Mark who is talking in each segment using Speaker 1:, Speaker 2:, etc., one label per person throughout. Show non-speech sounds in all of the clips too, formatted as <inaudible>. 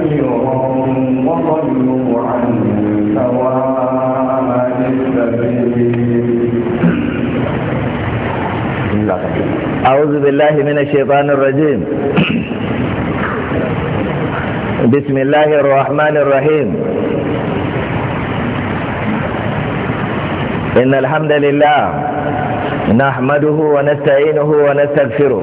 Speaker 1: أعوذ
Speaker 2: بالله من الشيطان الرجيم بسم الله الرحمن الرحيم إن الحمد لله نحمده ونستعينه ونستغفره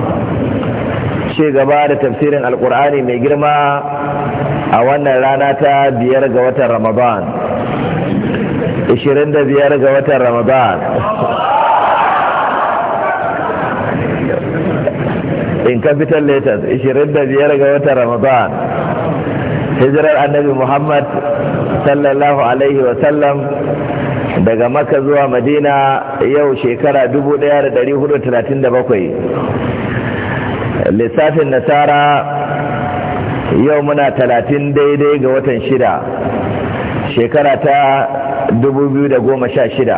Speaker 2: ce gaba da tafsirin alkur'ani mai girma a wannan rana ta biyar ga watan ramadan 25 ga watan ramadan in capital letters 25 ga watan ramadan hijirar annabi muhammad sallallahu alaihi wasallam daga maka zuwa madina yau shekara 1437 lissafin nasara yau muna talatin daidai ga watan shida shekara ta shida.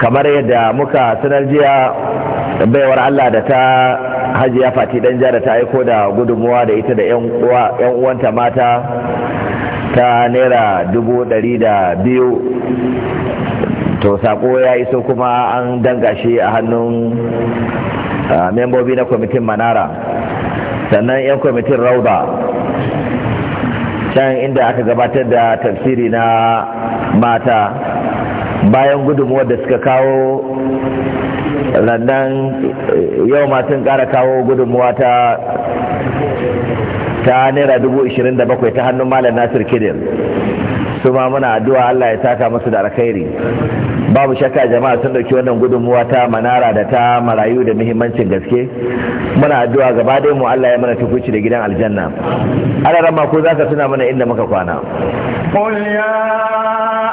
Speaker 2: kamar yadda muka sanar jiya baiwar Allah da ta hajiya fati dan jara ta aiko da gudunmuwa da ita da 'yan uwanta mata ta naira dubu da biyu. to sako ya iso kuma an danga shi a hannun membobi na kwamitin manara sannan 'yan kwamitin rauda can inda aka gabatar da tafsiri na mata bayan gudunmuwar da suka kawo lannan eh, yau matan kara kawo gudunmuwa ta ta naira 27 ta hannun malam nasir kidir su ma muna addu'a Allah ya taka musu da alkhairi babu shakka jama'a sun dauki wannan gudunmuwa ta manara da ta marayu da muhimmancin gaske muna addu'a gaba dai mu Allah ya mana tukuci da gidan aljanna ana rama ko zaka tuna mana inda muka kwana
Speaker 1: qul ya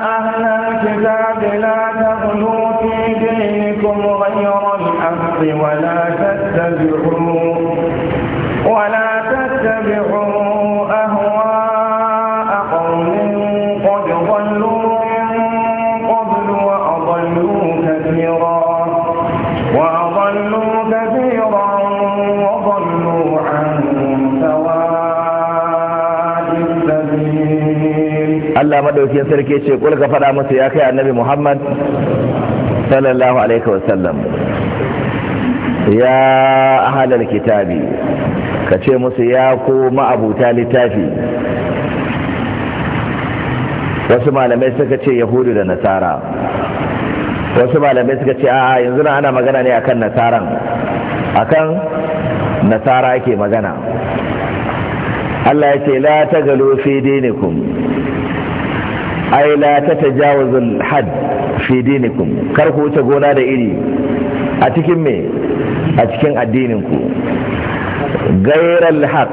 Speaker 1: ahlal kitab la taghlu fi dinikum ghayra al-haqq wa la tattabi'u wa la
Speaker 2: Allah madaukin sarki ce kul ka faɗa musu ya kai annabi Muhammad sallallahu alaihi sallam ya ahlal kitabi ka ce musu ya ko ma'abuta littafi wasu malamai suka ce yahudu da nasara wasu malamai suka ce a yanzu na ana magana ne akan nasaran akan nasara ke magana Allah ya ce la tagalu fi dinikum ai la tajawuzul had fi dinikum kar ku wuce gona da iri a cikin me a cikin addinin ku gairal haq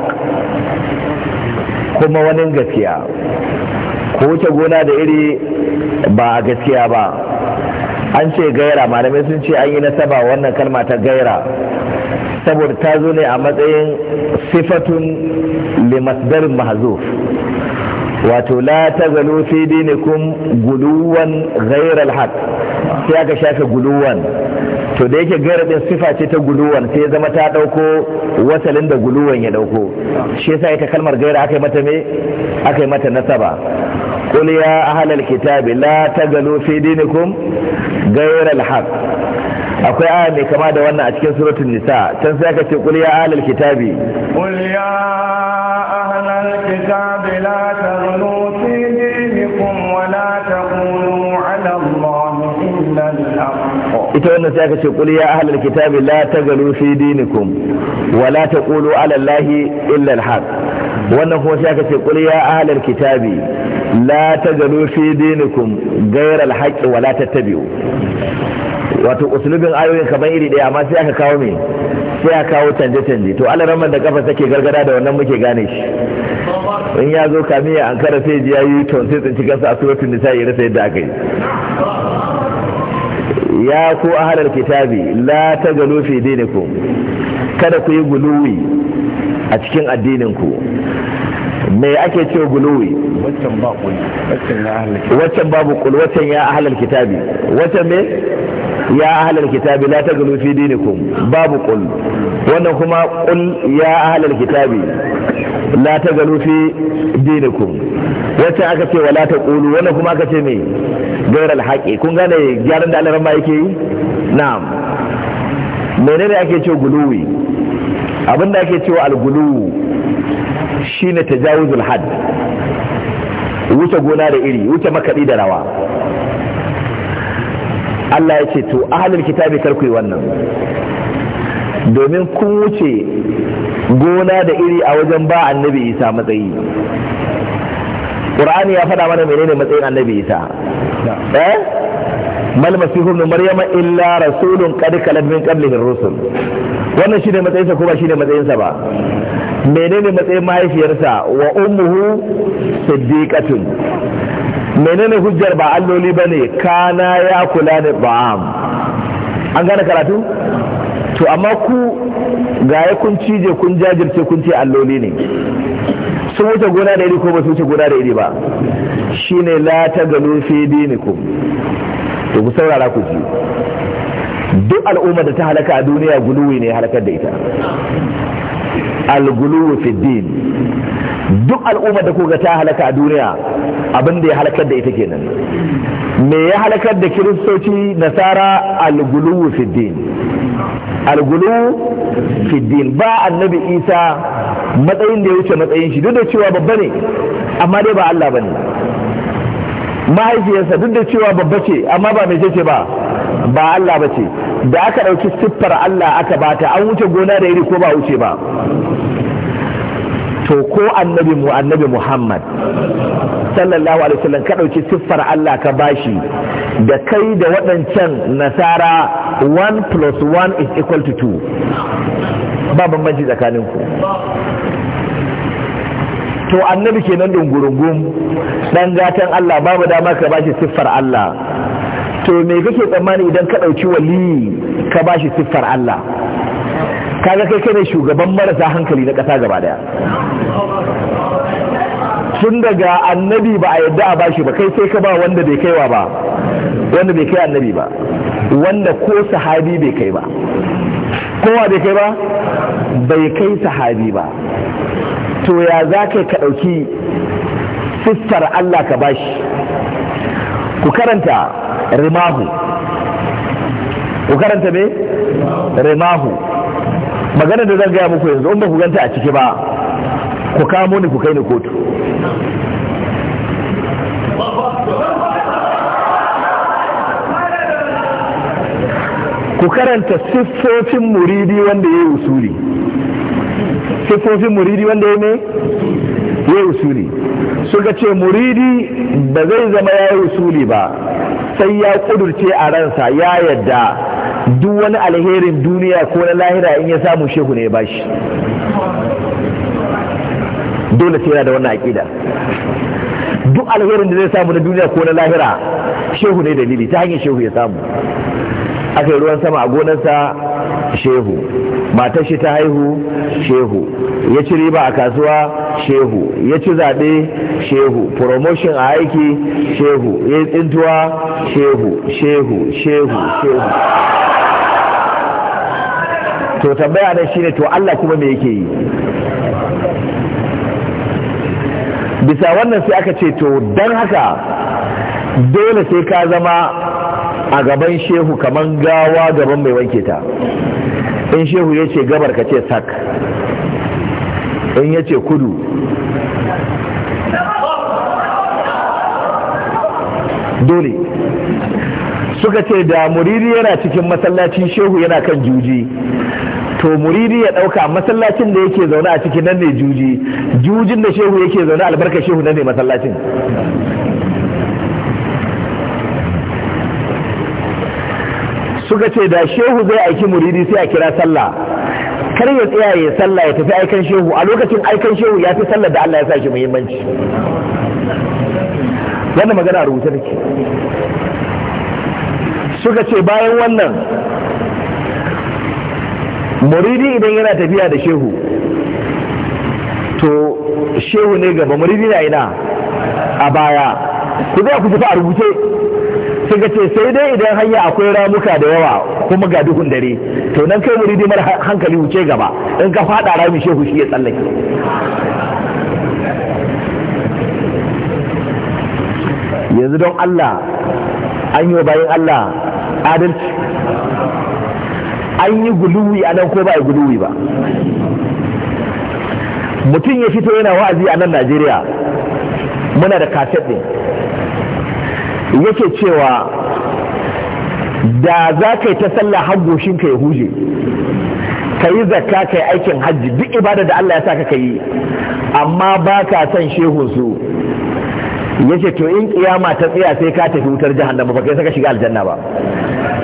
Speaker 2: kuma wani gaskiya ku wuce gona da iri ba a gaskiya ba an ce gaira malamai sun ce an yi nasaba wannan kalma ta gaira saboda ta zo ne a matsayin sifatun limasdar mahazuf wato la tazalu fi dinikum guluwan ghayra haq sai aka shafe guluwan to da yake gaira din sifa ce ta guluwan sai ya zama ta dauko wasalin da guluwan ya dauko shi yasa ita kalmar gaira aka yi mata me aka yi mata nasaba qul ya ahlal kitabi la tazalu fi dinikum ghayra haq akwai aya mai kama da wannan a cikin suratul nisa can sai aka ce qul ya ahlal kitabi qul ya
Speaker 1: الكتاب لا تغلوا في دينكم ولا تقولوا على الله إلا الحق
Speaker 2: ita wannan sai aka ce qul ya ahlal kitabi la tagalu fi dinikum wa la taqulu illa wannan kuma sai ka ce qul ya ahlal kitabi la tagalu fi dinikum ghayra alhaq wa la tattabi'u wato usulubin ayoyin kamar iri daya amma sai aka kawo me sai aka kawo canje canje to alaran da kafa take gargada da wannan muke gane shi in ya zo kamiya an kara sai ji yayi to sai tsinci kansa a suratul nisa ya rasa yadda aka yi ya ku ahlal kitabi la tagalu fi dinikum kada ku yi guluwi a cikin addinin ku me ake ce guluwi waccan babu kul waccan ya ahlal kitabi waccan me ya ahlal kitabi la taglu fi dinikum babu qul wannan kuma qul ya ahlal kitabi la taglu fi dinikum wacce aka ce wala taqulu wannan kuma aka ce me gairar alhaƙi. kun gane gyaran da Allah ran yake yi na'am menene ake ce guluwi abinda ake cewa alguluwu shine tajawuzul hadd wuce gona da iri wuce makaɗi da rawa Allah ya ce to ahalul kitabi karku ku yi wannan domin kun wuce gona da iri a wajen ba annabi isa matsayi ƙur'ani ya faɗa mana menene matsayin annabi isa eh mal masihu ibn maryama illa rasulun qad kalat min qablihi rusul wannan shine matsayinsa ko ba shine matsayinsa ba menene matsayin mahaifiyarsa wa ummuhu siddiqatun menene hujjar ba alloli ba ne kana ya kula da ba'am an gane karatu to amma ku ga ya kun cije kun jajirce kun ce alloli ne sun wuce gona da iri ko ba su wuce gona da iri ba shine la ta gano fi diniku to ku saurara ku ji duk al'ummar da ta halaka a duniya guluwi ne halakar da ita al-guluwi fi din duk al'ummar da kuka ta halaka a duniya abin da ya halakar da ita kenan me ya halakar da kiristoci nasara alguluwu fiddin alguluwu fiddin ba annabi isa matsayin da ya wuce matsayin shi duk da cewa babba ne amma dai ba allah ba ne mahaifiyarsa duk da cewa babba ce amma ba mai ce ba ba allah ba ce da aka ɗauki siffar allah aka bata an wuce gona da iri ko ba wuce ba to ko annabi mu annabi muhammad sallallahu alaihi wasallam ka ɗauki siffar allah ka bashi da kai da waɗancan nasara 1 plus 1 is equal to 2 ba bambanci tsakaninku to annabi kenan dungurungun dan gatan Allah babu dama ka bashi siffar Allah to me kake tsammani idan ka dauki wali ka bashi siffar Allah kaga kai kai ne shugaban marasa hankali na ƙasa gaba daya tun daga annabi ba a yadda a bashi ba kai sai ka ba wanda bai kaiwa ba wanda bai kai annabi ba wanda ko sahabi bai kai ba kowa bai kai ba bai kai sahabi ba to ya za ka ka ɗauki sistar Allah ka bashi ku karanta rimahu ku karanta rimahu magana da zan gaya muku yanzu in ba ku ganta a ciki ba ku kamo ni ku kai ni kotu ku karanta siffofin muridi wanda ya yi usuli siffofin muridi wanda ya ne ya yi usuli suka ce muridi ba zai zama ya yi usuli ba sai ya kudurce a ransa ya yadda duk wani alherin duniya ko na lahira in ya samu shehu ne ya bashi dole sai yana da wannan aƙida duk alherin da zai samu na duniya ko na lahira shehu ne dalili ta hanyar shehu ya samu aka yi ruwan sama a gonarsa shehu matar shi ta haihu shehu ya ci riba a kasuwa shehu ya ci zaɓe shehu promotion a aiki shehu ya yi tsintuwa shehu shehu shehu shehu to tambaya shi ne to Allah kuma me yake yi bisa wannan sai aka ce to don haka dole sai ka zama a gaban shehu kaman gawa gaban mai wanke ta in shehu ya ce gabar ka ce sak in ya ce kudu dole suka ce da muriri yana cikin masallacin shehu yana kan juji to muridi ya ɗauka masallacin da yake zaune a ciki nan ne juji jujin da shehu yake zaune albarka shehu nan ne masallacin suka ce da shehu zai aiki muridi sai a kira sallah kar ya tsaya ya sallah ya tafi aikan shehu a lokacin aikan shehu ya fi Sallah da Allah ya sa shi muhimmanci wannan magana rubuta take suka ce bayan wannan muridi idan yana tafiya da shehu to shehu ne gaba muridi na ina a baya ku zai ku tafi a rubuce ga ce sai dai idan hanya akwai ramuka da yawa kuma ga duhun dare to nan kai muridi mara hankali wuce gaba in ka fada ramin shehu shi ya tsallake yanzu don Allah an yi bayan Allah adalci an yi guluwi a nan ko ba a guluwi ba mutum ya fito yana wa'azi a nan najeriya muna da kaset ɗin yake cewa da za ka yi ta sallah haggoshin ka ya huje ka yi zakka ka yi aikin hajji duk ibada da Allah ya saka ka yi amma ba ka son shehunsu ya ce to in kiyama ta tsaya sai ka tafi wutar jahannama ba kai saka shiga aljanna ba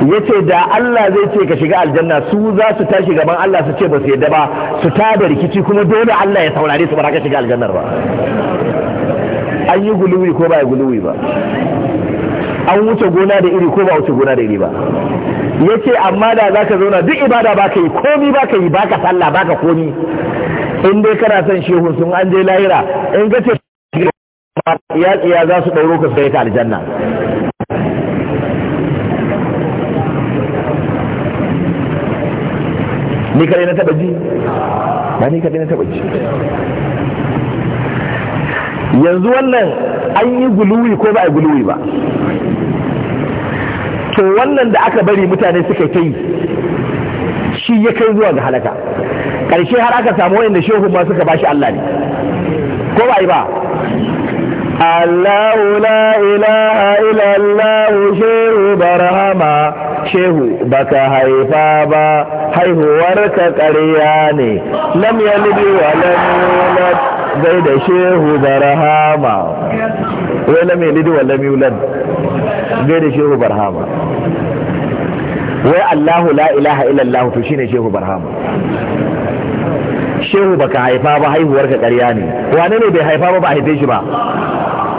Speaker 2: Ya ce da Allah zai ce ka shiga aljanna su za su tashi gaban Allah su ce ba su yadda ba su da rikici kuma dole Allah ya saurare su ba ka shiga aljannar ba an yi guluwi ko ba ya guluwi ba an wuce gona da iri ko ba wuce gona da iri ba Ya ce amma da za ka zauna duk ibada ba ka yi komi ba ka yi ba salla, sallah ka komi in dai kana son shehu sun an je lahira in ga ce ya za su ɗauro ka sai ta aljanna ni kare na taba ji ba ni kare na taba ji yanzu wannan an yi guluwi ko ba a guluwi ba to wannan da aka bari mutane suka kai shi ya kai zuwa ga halaka ƙarshe har aka samu wayanda shehu ma suka bashi Allah ne ko ba yi ba Allahu la ilaha illallahu shehu barhama shehu baka haifa ba haihuwarka ƙarya ne lam yalidi wa lam yulad gai da shehu barhama wai lam yalidi wa lam yulad gai da shehu barhama wai Allahu la ilaha to shine shehu barhama shehu baka haifa ba haihuwar ka ƙarya ne wane ne bai haifa ba ba haife shi ba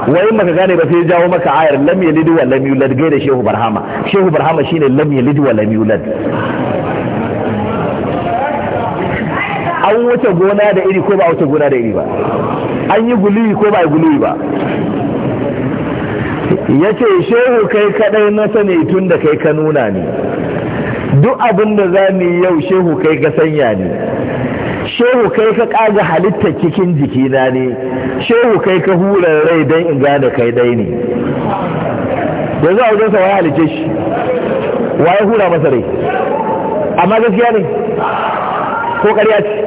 Speaker 2: wai maka gane ba sai jawo maka ayar lam yalid wa lam yulad gai da shehu barhama shehu barhama shine lam yalid wa lam yulad an wuce gona da iri ko ba wuce gona da iri ba an yi guluyi ko ba yi guluyi ba ya ce shehu kai kadai na sani tun da kai ka nuna ni duk abin da za mu yi yau shehu kai ka sanya ni shehu kai ka kaga halitta cikin jikina ne shehu kai ka hura rai don in gane kai dai ne za a sa waye halice shi waye hura masa rai amma gaskiya ne
Speaker 3: ko ƙarya ce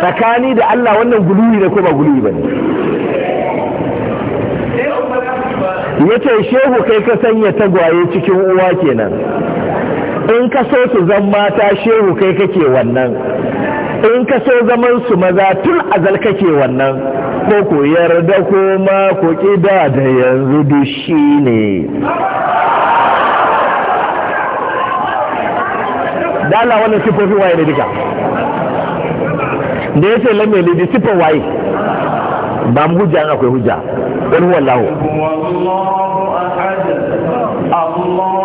Speaker 3: tsakani
Speaker 2: da Allah wannan guluwi ne ko ba guluwi ba ne yace shehu kai ka sanya tagwaye cikin uwa kenan in ka so su zan mata shehu kai kake wannan in ka so zaman su maza tun azal kake wannan ko ku yarda ko ma ku kida da yanzu dushi shi ne dala wannan sifofi waye ne duka da ya ce lamme lidi sifon waye ba mu hujja akwai hujja wani wallahu Allah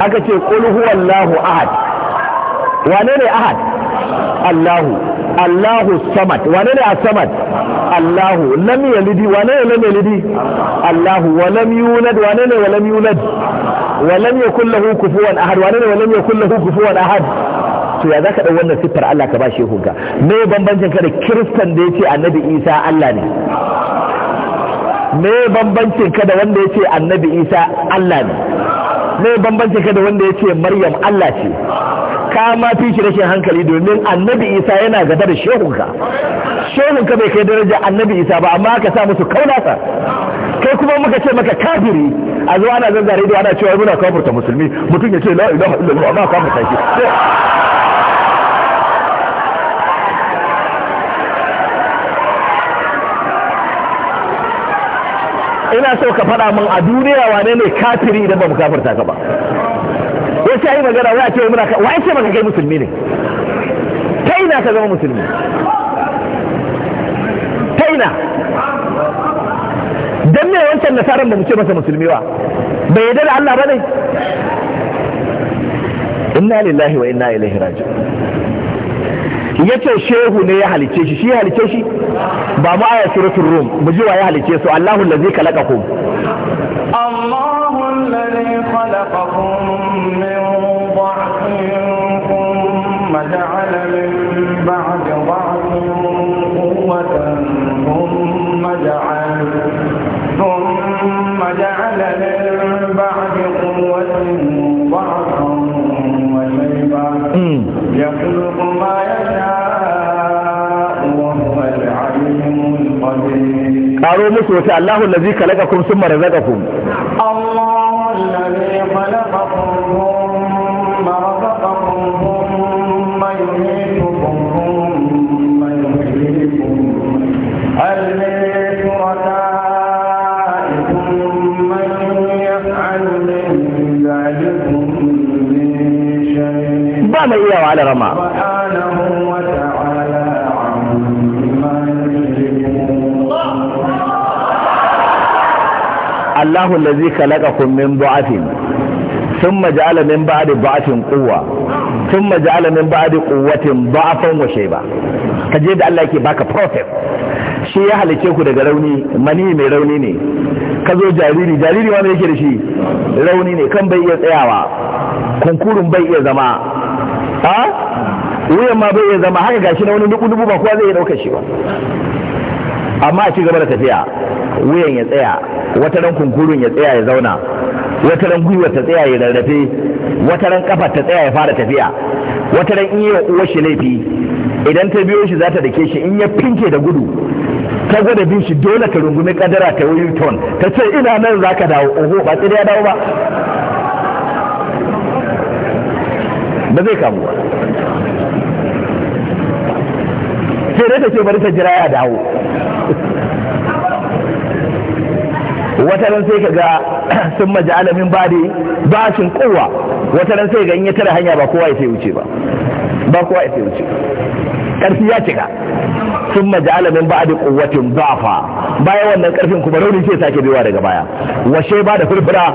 Speaker 2: aka ce kul huwallahu ahad wane ne ahad Allahu Allahu samad wane ne samad Allahu lam yalidi wane ne lam yalidi Allahu wa lam yulad wane ne wa lam yulad wa lam yakul lahu kufuwan ahad wane ne wa lam yakul lahu kufuwan ahad to ya zaka dau wannan siffar Allah ka bashi shi hukunka me bambancin ka da kiristan da yace annabi Isa Allah ne me bambancin ka da wanda yace annabi Isa Allah ne ne bambance ka da wanda ya ce maryam Allah ce ka ma fi shi rashin hankali domin annabi isa yana gaba da shehunka shehunka bai kai daraja annabi isa ba amma ka sa musu kaunasa kai kuma muka ce maka kafiri a zuwa ana zanzare da ana cewa muna kafurta musulmi mutum ya ce la'ilaha illallah kafurta shi ina so ka faɗa min a duniya wane ne kafiri idan ba mu kafirta ka ba wai sai magana wai a ce muna ka wai ce maka kai musulmi ne ta ina ka zama musulmi ta ina dan me wancan nasaran ba mu ce masa musulmi ba bai yarda da Allah ba ne inna lillahi wa inna ilaihi raji'un Yace shehu ne ya halice shi shi ya halice shi ba mu aya suratul rum mu ji wa ya halice su Allahu allazi khalaqakum ku. allazi khalaqakum ƙaro musu wata Allahu lazi kalakakum sun marazakakum
Speaker 1: Allahu lazi kalakakum ba mai yawa da rama
Speaker 2: Allahu الذي خلقكم من ضعف ثم جعل من بعد ضعف قوة ثم جعل من بعد قوة ضعفا وشيبا تجد الله da Allah yake baka prophet shi ya halicce ku daga rauni mani mai rauni ne ka zo jariri jariri wanda yake da shi rauni ne kan bai iya tsayawa kunkurun bai iya zama ha wuyan ma bai iya zama haka gashi na wani dubu dubu ba zai iya shi ba amma a ci gaba da tafiya wuyan ya tsaya wata ran kunkurun ya tsaya ya zauna wata ran gwiwa ta tsaya ya rarrafe wata ran kafa ta tsaya ya fara tafiya wata ran iya uwar shi laifi idan ta biyo shi za ta dake shi in ya finke da gudu ta gwada bin shi dole ta rungumi kadara ta yi ton ta ce ina nan za ka dawo oho ba tsiri ya dawo ba ba zai kamu ba sai dai ta ce bari ta jira ya dawo wata ran sai kaga <clears throat> sun maja alamin da bashin kowa wata ran sai ga in ya tara hanya ba kowa ya sai wuce ba ba kowa ya sai wuce karfi ya cika sun maja'ala ba da kuwatin dhafa bayan wannan karfin kuma rauni sai sake biwa daga baya washe ba da furfura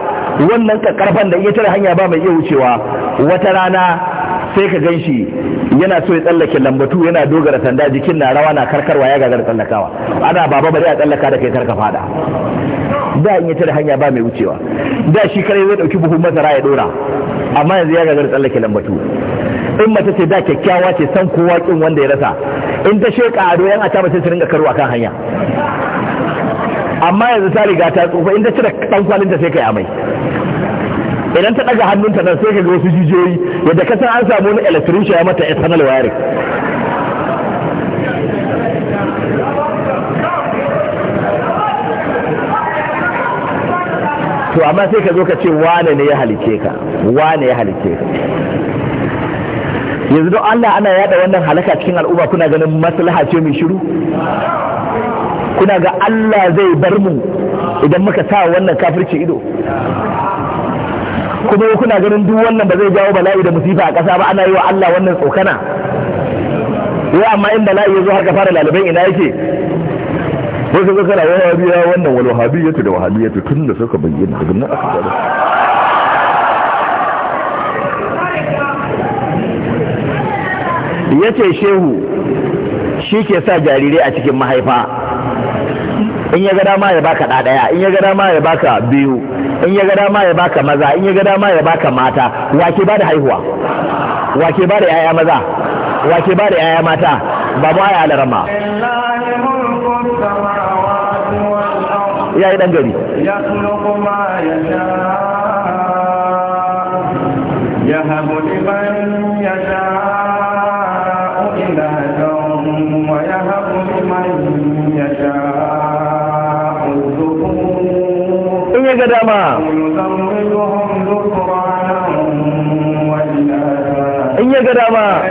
Speaker 2: wannan karfan da ya tara hanya ba mai iya wucewa wata rana sai ka ganshi yana so ya tsallake lambatu yana dogara sanda jikin na rawa na karkarwa ya gagar tsallakawa ana baba bari a tsallaka da kai karka fada da in ya da hanya ba mai wucewa da shi kare zai dauki buhun masara ya dora amma yanzu ya gagar tsallake lambatu in mace ce da kyakkyawa ce san kowa kin wanda ya rasa in ta sheka ado yan ata mace ta su ringa karo akan hanya amma yanzu ta riga ta tsufa in ta cire dan kwalinta sai kai amai idan ta daga hannunta nan sai ka ga wasu jijiyoyi yadda ka san an samu wani electrician ya mata external wiring to amma sai ka zo ka ce wane ne ya halice ka wane ya halice ka yanzu don Allah ana yada wannan halaka cikin al'umma kuna ganin maslaha ce mai shiru kuna ga Allah zai bar mu idan muka sa wannan kafirci ido kuma kuna ganin duk wannan ba zai jawo bala'i da musifa a ƙasa ba ana yi wa Allah wannan tsokana ya amma in bala'i ya zo har ka fara lalibai ina yake ko sai kana wahabiya wannan wal wahabiyyatu da wahabiyyatu tun da suka bayyana daga nan aka gaba yace shehu shi ke sa jarirai a cikin mahaifa in ya ga dama ya baka ɗaɗaya in ya ga dama ya baka biyu in ya ga dama ya baka maza in ya ga dama ya baka mata wa ba da haihuwa wa ba da 'ya'ya maza wa ba bada 'ya'ya mata babu aya alarama ya yi ɗan gari
Speaker 1: inye ga dama inye ga dama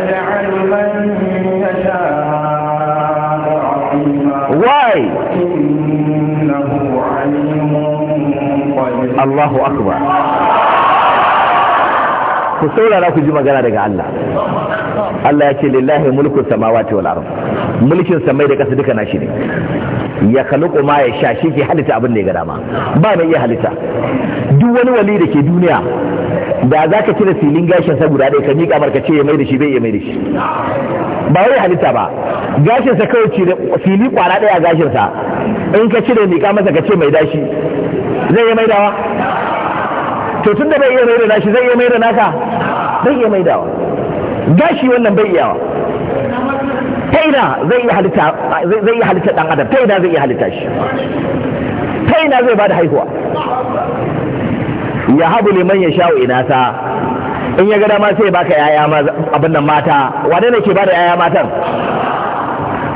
Speaker 2: Allahu akbar ku saurara ku ji magana daga Allah Allah ya ce lillahi mulkun samawati wal ardh mulkin samai da ƙasa duka nashi ne ya kaluku ma ya sha shi ke halitta abin da ya ga dama ba mai iya halitta duk wani wali da ke duniya da za ka cire filin gashin sa guda ɗaya ka miƙa marka ce ya mai da shi bai ya mai da shi ba wai halitta ba gashin sa kawai cire fili kwara ɗaya a gashin sa in ka cire miƙa masa ka ce mai dashi zai ya wa. to tun da bai iya maida nashi zai iya maida naka bai iya maida wa? gashi wannan bai iya ta ina zai iya halitta zai iya halitta dan adam ta ina zai iya halitta shi ta ina zai bada haihuwa ya habu liman ya sha'u sa in ya ga ma sai baka yaya abin nan mata wane ne ke bada yaya matan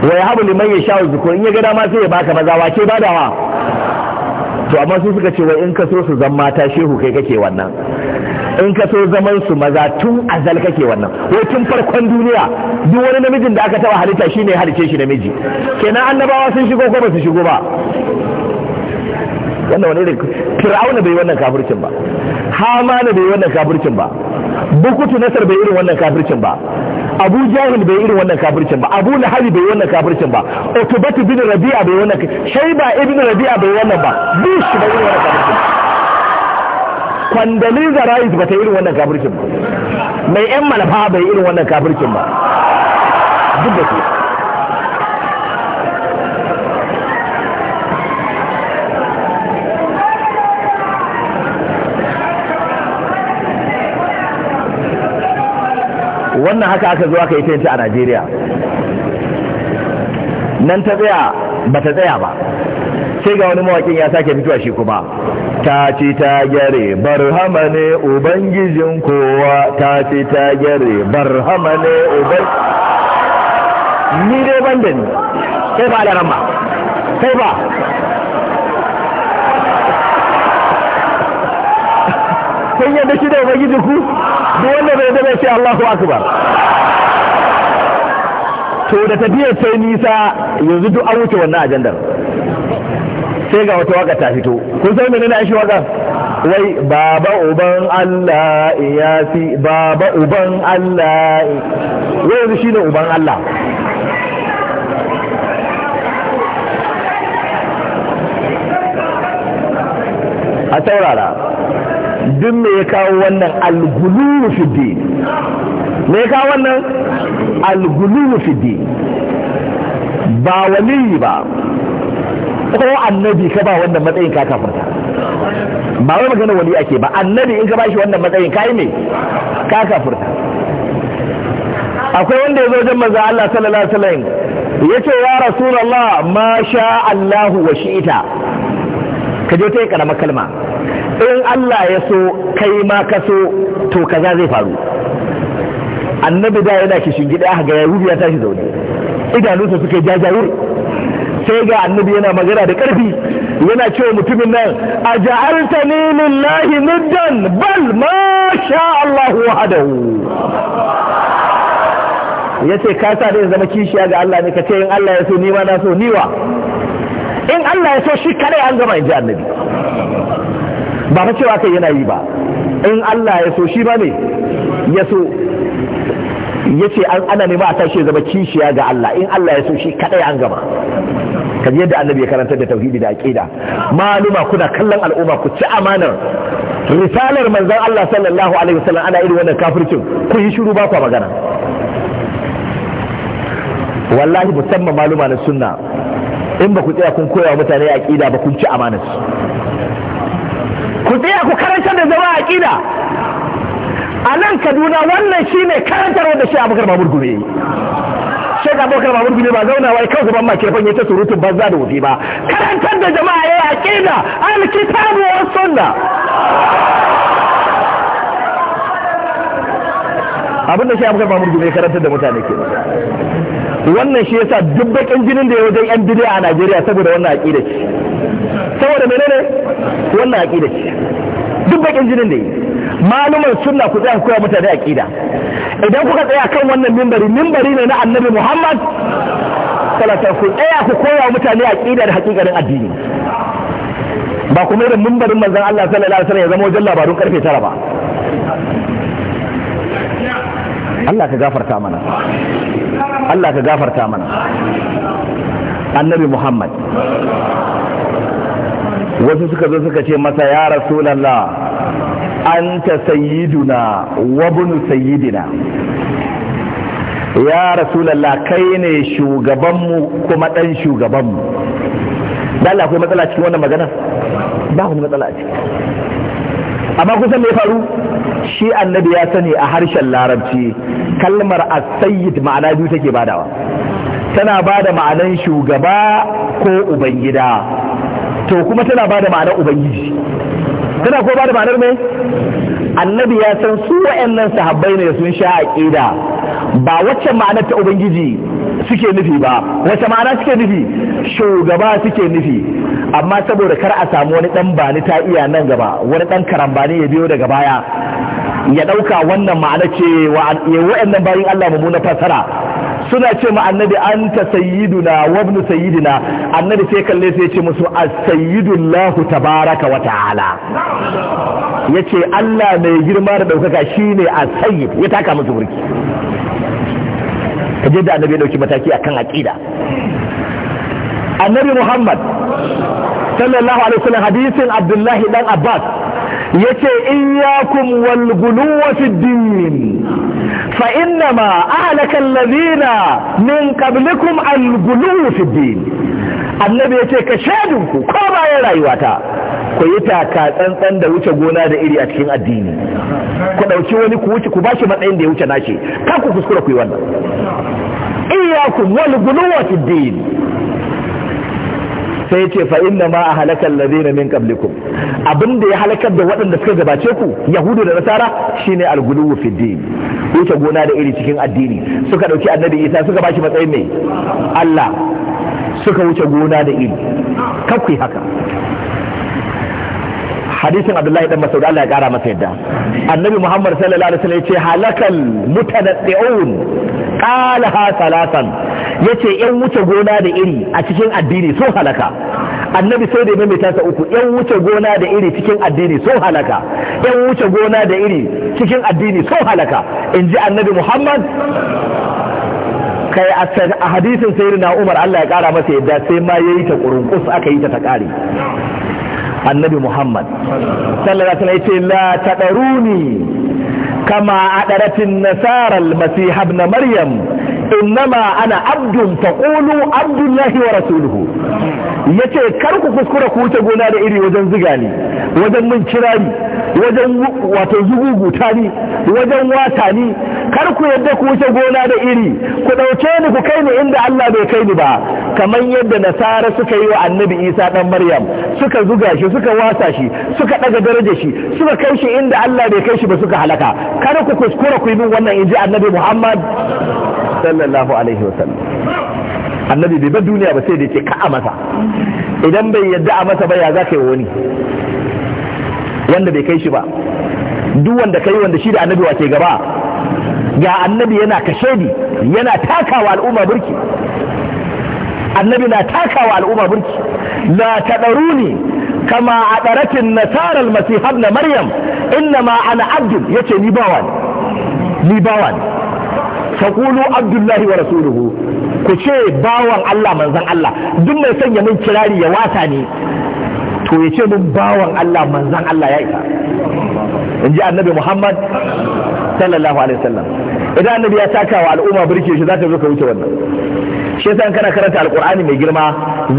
Speaker 2: wa ya habu liman ya sha'u zukur in ya ga ma sai baka maza wa ke badawa to amma su suka ce wai in ka so su zan mata shehu kai kake wannan in ka so zaman su maza tun azal kake wannan wai tun farkon duniya duk wani namijin da aka taba halitta shine halice shi namiji kenan annabawa sun shigo ko ba su shigo ba wannan wani ne fir'auna bai wannan kafircin ba hamana bai wannan kafircin ba bukutu nasar bai irin wannan kafircin ba abu jahil bai irin wannan kafircin ba abu hari bai wannan kafircin ba utubatu bin rabi'a bai wannan shaiba ibn rabi'a bai wannan ba bish bai irin wannan kafircin kwandaliza rais ba ta irin wannan kafircin ba mai yan malafa bai irin wannan kafircin ba duk da su wannan haka aka zuwa ka yi ta a najeriya nan ta tsaya ba ta tsaya ba sai ga wani mawakin ya sake fitowa shi kuma ta ci ta gyare barhama ne ubangijin kowa ta ci ta gyare barhama ne ubangijin ni dai ban da ni ba da rama Sai ba kun yadda shi da ubangiji ku duk wanda bai da bai Allahu akbar to da tafiyar sai nisa yanzu duk an wuce wannan ajandar sai ga wata waka ta fito kun san menene shi waka wai baba uban Allah ya fi baba uban Allah yanzu yanzu ne uban Allah a taurara duk me ya kawo wannan algulu fi din me ya kawo wannan algulu fi Ba ba yi ba ko annabi ka ba wannan matsayin ka kafarta ba wai magana wali ake ba annabi in ka ba shi wannan matsayin ka yi ne ka kafurta akwai wanda ya zo wajen manzo Allah sallallahu alaihi wasallam yace ya rasulullah ma sha Allahu wa shi'ita ka je ta yi karamar kalma in Allah ya so kai ma ka so to kaza zai faru annabi da yana kishin gida aka ga yahudu ya tashi zaune idanunsa suka yi jajayir sai ga annabi yana magana da karfi yana cewa mutumin nan a ja'alta ni lillahi niddan bal ma sha Allah wahdahu yace ka sa da zama kishiya ga Allah ne ka ce in Allah ya so ni ma na so niwa in Allah ya so shi kare an gama in ji annabi ba fa cewa kai yana yi ba in Allah ya so shi ba ne ya so ya ce ana nema a tashi zama kishiya ga Allah in Allah ya so shi kadai an gama kan yadda annabi ya karanta da tauhidi da aqida maluma kuna kallon al'umma ku ci amanar risalar manzon Allah sallallahu alaihi wasallam ana irin wannan kafircin ku yi shiru ba ku magana wallahi musamman maluma na sunna in ba ku tsaya kun koya mutane aqida ba kun ci amanar ku tsaya ku karantar da zama aƙida a nan kaduna wannan shine karantar da shi abokar babur gure shek abokar babur gure ba zauna wai kawai gaban makefan ya ta surutun za da wuce ba karantar da jama'a ya yi aƙida alkitabu wa sunna abinda shi abokar babur gure karantar da mutane ke wannan shi yasa duk bakin jinin da ya wajen yan bid'a a Najeriya saboda wannan aqida ce saboda menene wannan aqida ce duk bakin jinin da yi malumar sunna ku tsaya ku koya mutane aqida idan kuka tsaya kan wannan mimbari mimbari ne na annabi Muhammad sallallahu ku tsaya ku koya mutane aqida da hakikarin addini ba kuma irin mimbarin manzon Allah sallallahu alaihi wasallam ya zama wajen labarun karfe tara ba Allah ka gafarta mana Allah ka gafarta mana annabi Muhammad wasu suka zo suka ce masa ya rasulallah anta sayyiduna wa bunu sayyidina ya rasulallah kai ne shugabanmu kuma dan shugabanmu Allah akwai matsala cikin wannan magana ba wani matsala a ciki amma kusan me faru shi annabi ya sani a harshen larabci kalmar asayid ma'ana biyu take badawa tana bada ma'anan shugaba ko ubangida to kuma tana bada ma'anar ubangiji tana ko bada ma'anar me annabi ya san su wa'annan sahabbai ne sun sha aqida ba wacce ma'anar ta ubangiji suke nufi ba wacce ma'ana suke nufi shugaba suke nufi amma saboda kar a samu wani dan bani ta iya nan gaba wani dan karambani ya biyo daga baya ya ɗauka wannan ma'ana ce wa'annan bayin Allah mummuna fasara suna ce ma annabi anta sayyiduna wa ibnu sayyidina annabi sai kalle sai ce musu as-sayyidullahu tabaraka wa ta'ala yace Allah mai girma da daukaka shine as-sayyid ya taka musu burki kaje da annabi dauki mataki akan aqida annabi Muhammad sallallahu alaihi wasallam hadisin Abdullahi dan Abbas yace
Speaker 3: ya wal gulu wasu din
Speaker 2: fa ma ahlaka alladhina min qablikum al gulu wasu din annabi yace ka shedin ku ko bayan rayuwata ku yi taka tsantsan da wuce gona da iri a cikin addini ku ɗauki wani ku wuce ku bashi matsayin da ya wuce nashi ka ku kuskura ku yi wannan iyakum wal gulu wasu din sai ce fa inna ma ahlakal ladina min abin da ya halakar da waɗanda suka gabace ku yahudu da nasara shine alguluwu fi wuce gona da iri cikin addini suka ɗauki annabi isa suka bashi matsayin mai Allah suka wuce gona da iri kakwai haka hadisin abdullahi dan masaud Allah ya kara masa yadda annabi muhammad sallallahu alaihi wasallam yace halakal mutanaddiun qalaha salasan yace yan wuce gona da iri a cikin addini so halaka annabi sai da mai tasa uku yan wuce gona da iri cikin addini so halaka yan wuce gona da iri cikin addini so halaka inji annabi muhammad kai a hadisin sayyidina umar Allah ya kara masa yadda sai ma yayi ta kurunkus aka yi ta ta kare annabi muhammad sallallahu alaihi ce la tadaruni kama a nasara nasarar masih ibn maryam innama ana abdun faqulu abdullahi wa rasuluhu yace kar ku kuskura ku wuce gona da iri wajen ziga wajen mun kirari wajen wato zuguguta ni wajen wata ni kar ku yadda ku wuce gona da iri ku dauke ni ku kai ni inda Allah bai kai ni ba kamar yadda nasara suka yi wa annabi Isa dan Maryam suka zuga shi suka wasa shi suka daga daraja shi suka kai shi inda Allah bai kai shi ba suka halaka kar ku kuskura ku yi min wannan inji annabi Muhammad sallallahu alaihi wasallam annabi bai bar duniya ba sai da yake ka'a masa idan bai yadda a masa ba ya za ka yi wani wanda bai kai shi ba duk wanda kai wanda shi da annabi wace gaba ga annabi yana kashedi yana takawa al'umma burki annabi na takawa al'umma burki la tadaruni kama a ɗarakin nasarar masiha na maryam inna ma ana abdul ya ce ni bawa ni bawa taqulu abdullahi wa rasuluhu ku ce bawan Allah manzon Allah duk mai sanya min kirari ya wata ne to ya ce min bawan Allah manzon Allah ya isa in ji annabi Muhammad sallallahu alaihi wasallam idan annabi ya taka wa al'umma burke shi za ta zo ka wuce wannan shi yasa kana karanta alqur'ani mai girma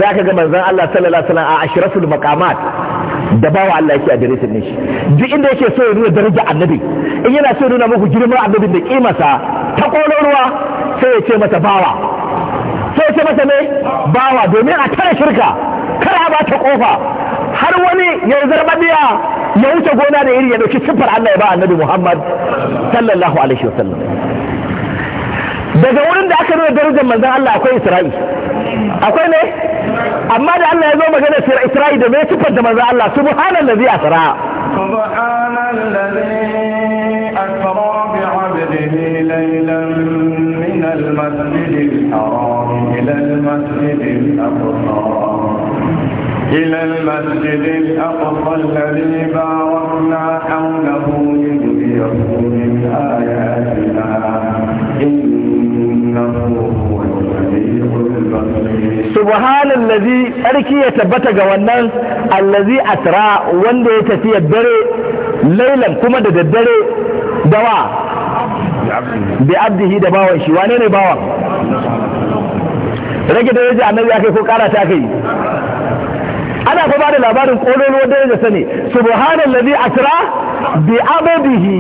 Speaker 2: zaka ga manzon Allah sallallahu alaihi wasallam a ashraful maqamat da bawa Allah yake adiresin ne shi duk inda yake so ya nuna daraja annabi in yana so ya nuna muku girman annabi da kimarsa ta kolo ruwa sai ya ce mata bawa sai ya ce mata ne bawa domin a tare shirka kar a ba ta kofa har wani ya zarbabiya ya wuce gona da iri ya ɗauki siffar Allah ya ba annabi Muhammad sallallahu alaihi wasallam daga wurin da aka nuna darajar manzan Allah akwai Isra'i akwai ne amma da Allah ya zo magana Isra'i da mai siffar da manzon Allah subhanallazi asra
Speaker 1: subhanallazi ليلا من المسجد الحرام إلى المسجد الأقصى إلى المسجد الأقصى الذي باركنا حوله لنريه من آياتنا إنه
Speaker 3: هو السميع
Speaker 2: سبحان الذي أركي يتبت جوانا الذي أترى وندي تفي الدري ليلا كما الدري دواء bi abdihi da bawan shi wane ne bawan rage daraja annabi ya kai ko kara ta kai ana ba da labarin kololuwar daraja sani subhanallazi asra bi abdihi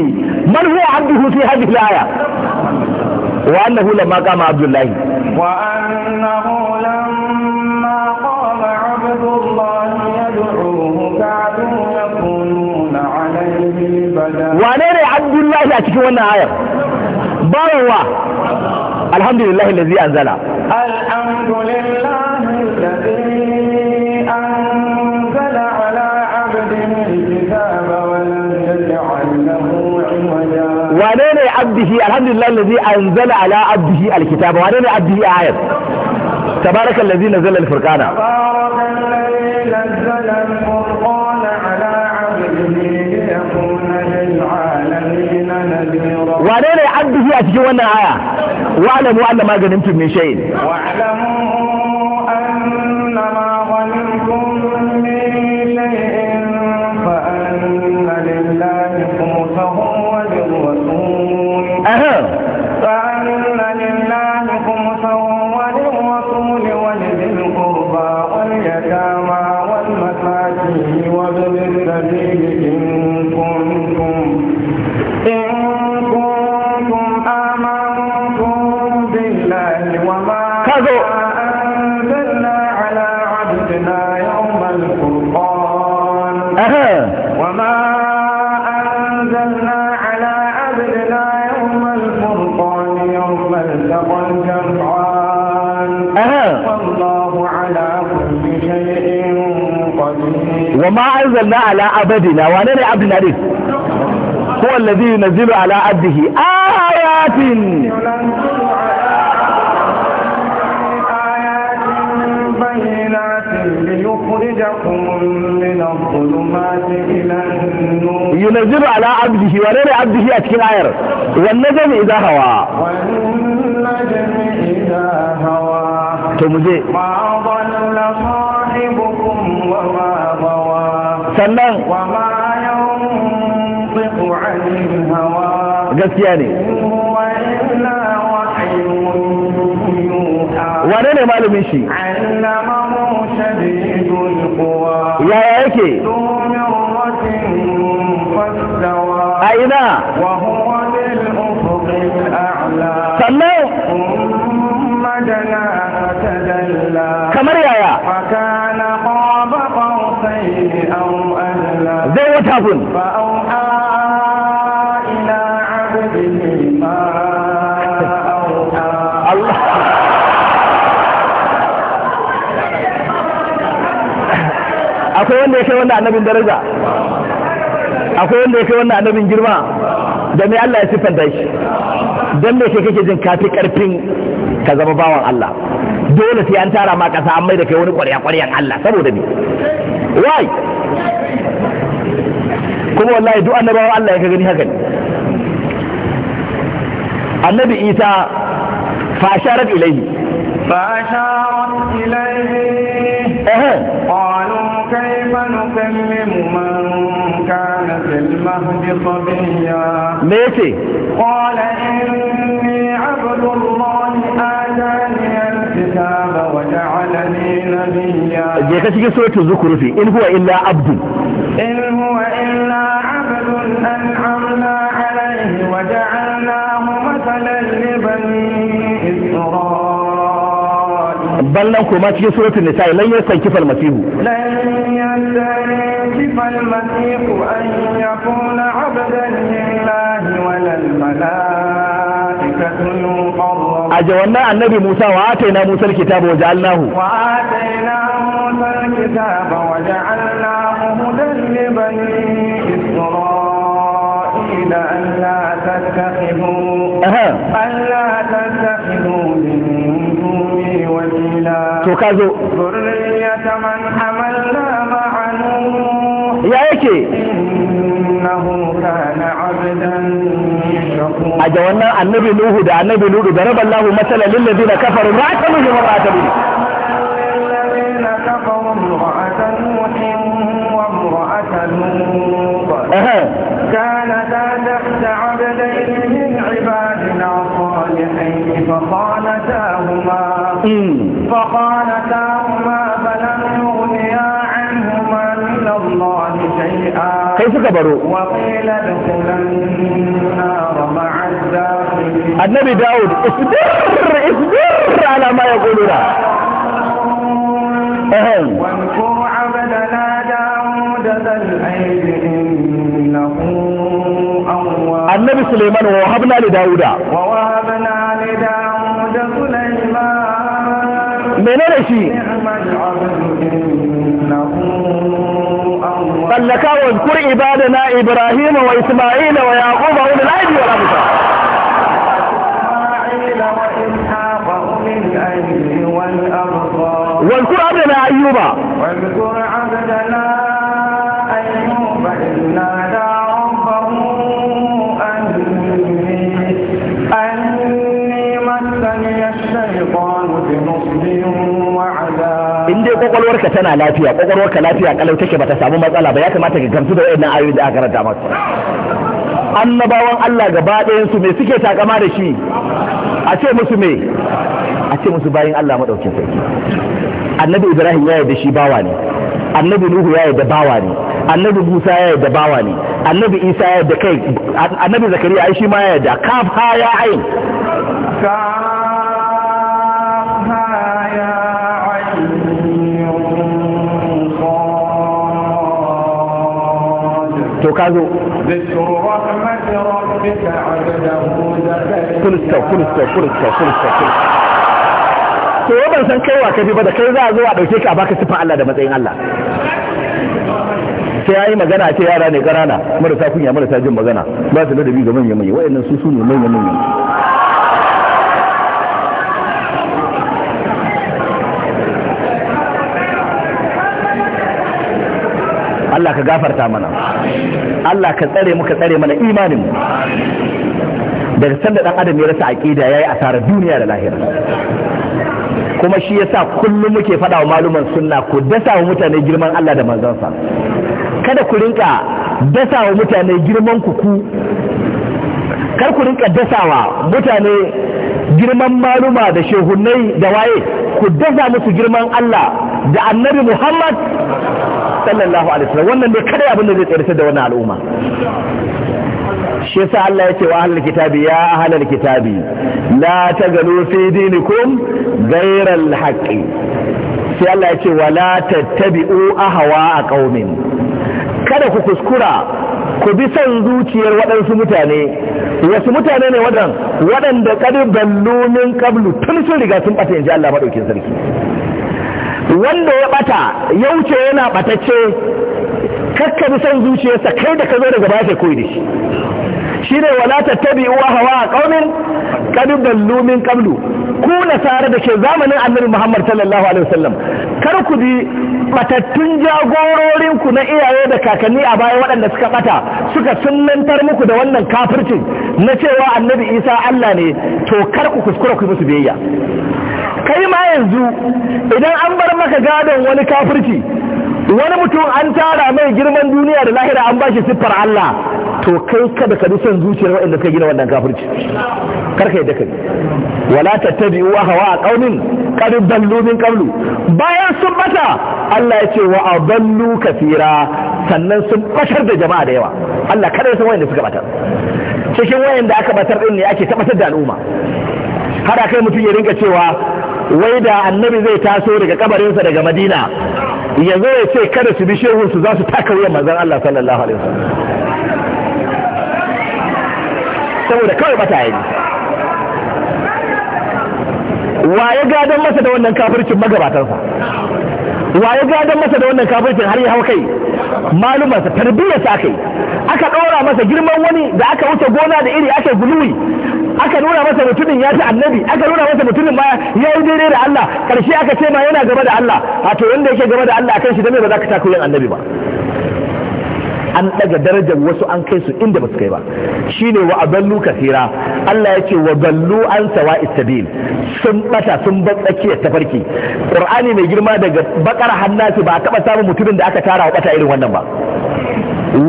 Speaker 2: man huwa abduhu fi hadhihi al-aya wa annahu lamma qama abdullahi wa
Speaker 1: annahu lamma qama abdullahi yad'uhu kadu yakunu alayhi
Speaker 2: bada wane ne abdullahi a cikin wannan ayar باروا الحمد لله الذي أنزل
Speaker 1: الحمد لله وَنَنَي عَبْدِهِ الْحَمْدِ لِلَّهِ
Speaker 2: الَّذِي أَنْزَلَ عَلَى عَبْدِهِ الْكِتَابَ وعلينا عَبْدِهِ آيَةٌ تَبَارَكَ الَّذِي نَزَلَ الْفُرْقَانَ تَبَارَكَ الَّذِي a cikin wannan aya wa'lamu anna maganin tummin shay'in wa'lamu anzalna على abadina wa nane abdina din kuwa lazi yi nazilu ala abdihi ayatin ينزل على عبده ونرى عبده أتكي العير والنجم إذا هوا
Speaker 1: والنجم إذا
Speaker 2: هوا ثم ما
Speaker 1: ظل صاحبك sannan gaskiya ne wane ne malamin shi yaya yake a ina sannan كتاب فأوحى إلى
Speaker 3: عبده ما أوحى الله
Speaker 2: akwai wanda ya kai wannan annabin daraja akwai wanda ya kai wannan annabin girma da mai Allah ya siffanta shi don me kake jin kafi karfin ka zama bawan Allah dole sai an tara ma kasa an mai da kai wani kwarya kwaryan Allah saboda me why kuma wallahi duk annabawan Allah ya ka gani haka ne annabi isa fa asharat ilayhi fa asharat ilayhi eh
Speaker 1: qalu kayfa nukallimu man kana fil mahdi sabiya me yace qala inni abdullah atani alkitaba wa ja'alani je ka
Speaker 2: cikin suratul zukhrufi in huwa illa abdu
Speaker 1: in huwa illa abdun an'amna alayhi wa ja'alnahu mathalan li bani isra'il
Speaker 2: ballan kuma cikin suratul nisa lan yastankifa al-masih
Speaker 1: lan yastankifa al-masih an yakuna a
Speaker 2: wannan annabi Musa wa na Musa kitabu waje Allahu. hu
Speaker 1: wa aka na Musa kitabu wa ja'alna hu hudan li bani Isra'ila an la tattakhidhu aha an la tattakhidhu min dumi wa ila to kazo zurriyata ya yake innahu kana 'abdan a ga wannan annabi
Speaker 2: nuhu da annabi nuhu da rabar lahu matsala lillazi na kafar ra'ata nuhu wa ra'ata nuhu
Speaker 1: كانتا تحت عبدين فلم kai suka baro annabi daud isbir isbir ala ma ya kudu da ehem annabi
Speaker 2: suleiman wa habna li dauda
Speaker 1: menene shi mallaka wa zkur
Speaker 2: ibadana ibrahim wa
Speaker 1: isma'il wa yaqub wa ulul aidi wal absar واذكر عبدنا أيوب واذكر عبدنا
Speaker 2: kwakwalwarka tana lafiya kwakwalwarka lafiya kalau take bata samu matsala ba ya kamata ka gamsu da wayannan ayoyi da aka karanta masu annabawan Allah gaba ɗayan su me suke takama da shi a ce musu me a ce musu bayin Allah madaukin sarki annabi Ibrahim ya yarda shi bawa ne annabi Nuhu ya yarda bawa ne annabi Musa ya yarda bawa ne annabi Isa ya yarda kai annabi Zakariya ai shi ma ya yarda kaf ha ya ain to ka zo to yau ban san kaiwa ka fi ba da kai za a zo a ɗauke ka a baka sifan Allah da matsayin Allah sai ya yi magana ce yara ne ƙarana marasa kunya marasa jin magana ba su da dabi ga manya manya waɗannan su su ne manya manya Allah ka gafarta mana Allah ka tsare mu ka tsare mana imanin mu daga sanda dan adam ya rasa aqida yayi asara duniya da lahira kuma shi yasa kullum muke faɗa wa maluman sunna ku dasa wa mutane girman Allah da manzansa kada ku rinka dasa wa mutane girman ku ku kar ku rinka dasa wa mutane girman maluma da shehunnai da waye ku dasa musu girman Allah da annabi Muhammad sallallahu alaihi wasallam wannan ne kada abin da zai tsarkar da wannan al'umma shi yasa Allah ya ce wa ahlul kitabi ya ahlul kitabi la tagalu fi dinikum ghayra al-haqqi sai Allah ya ce wa la tattabi'u ahwa qaumin kada ku kuskura ku bi son zuciyar waɗansu mutane wasu mutane ne waɗanda kadin ballu tun sun riga sun bata inji Allah madaukin sarki wanda ya bata ya wuce yana batacce kakka bi son zuciyarsa kai da ka zo daga baya koyi da shi shine wala uwa hawa a qaumin kadu dallu min kablu ku na tare da ke zamanin annabi Muhammad sallallahu alaihi wasallam kar ku bi matattun jagororin ku na iyaye da kakanni a baya waɗanda suka bata suka sunnantar muku da wannan kafircin na cewa annabi Isa Allah ne to kar ku kuskura ku musu biyayya kai ma yanzu idan an bar maka gadon wani kafirci wani mutum an tara mai girman duniya da lahira an bashi siffar Allah to kai kada ka dusan son zuciyar waɗanda ka gina wannan kafirci karka yadda ka bi wala wa hawa qaumin qad dallu min qablu bayan sun bata Allah ya ce wa adallu kathira sannan sun bashar da jama'a da yawa Allah kada ya san wayanda suka bata cikin wayanda aka batar din ne ake tabbatar da al'umma har akai mutum ya rinka cewa wai da annabi zai taso daga kabarinsa daga Madina yanzu ya ce kada su bi shehun su za su taka wuyan manzon Allah sallallahu alaihi wasallam saboda kawai bata yi wa ya gadon masa da wannan kafircin magabatansa wa ya gadon masa da wannan kafircin har ya hau kai malumarsa tarbiyyarsa aka yi aka ɗora masa girman wani da aka wuce gona da iri aka guluwi aka nuna masa mutumin ya ta annabi aka nuna masa mutumin ma ya yi daidai da Allah karshe aka ce ma yana gaba da Allah a to yanda yake gaba da Allah kan shi da mai ba za ka taku yin annabi ba an daga darajar wasu an kai su inda ba su kai ba shine wa adallu kafira. Allah ce wa ballu an sawa istabil sun bata sun bar tsakiyar tafarki qur'ani mai girma daga bakar hannasi ba a taba samun mutumin da aka tara wa bata irin wannan ba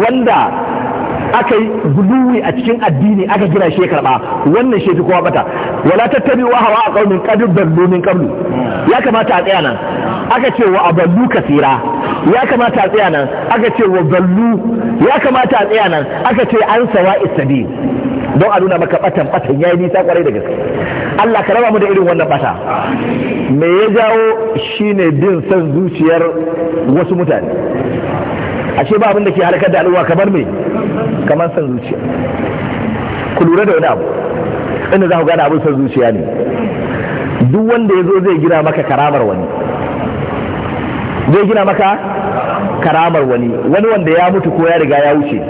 Speaker 2: wanda aka yi guluwi a cikin addini aka gina shi ba wannan shi kowa bata wala tattabi wa hawa qaumin qad dallu min qablu ya kamata a tsaya nan aka ce wa aballu kasira ya kamata a tsaya nan aka ce wa zallu ya kamata a tsaya nan aka ce an sawa isabi don a nuna maka batan batan yi nisa kwarai da gaske Allah ka raba mu da irin wannan bata me ya jawo shine bin san zuciyar wasu mutane ashe ba abin da ke halakar da al'uwa kamar me kamar san zuciya ku lura da wani abu inda za ku gane abin san zuciya ne duk wanda ya zo zai gina maka karamar wani zai gina maka karamar wani wani wanda ya mutu ko ya riga ya wuce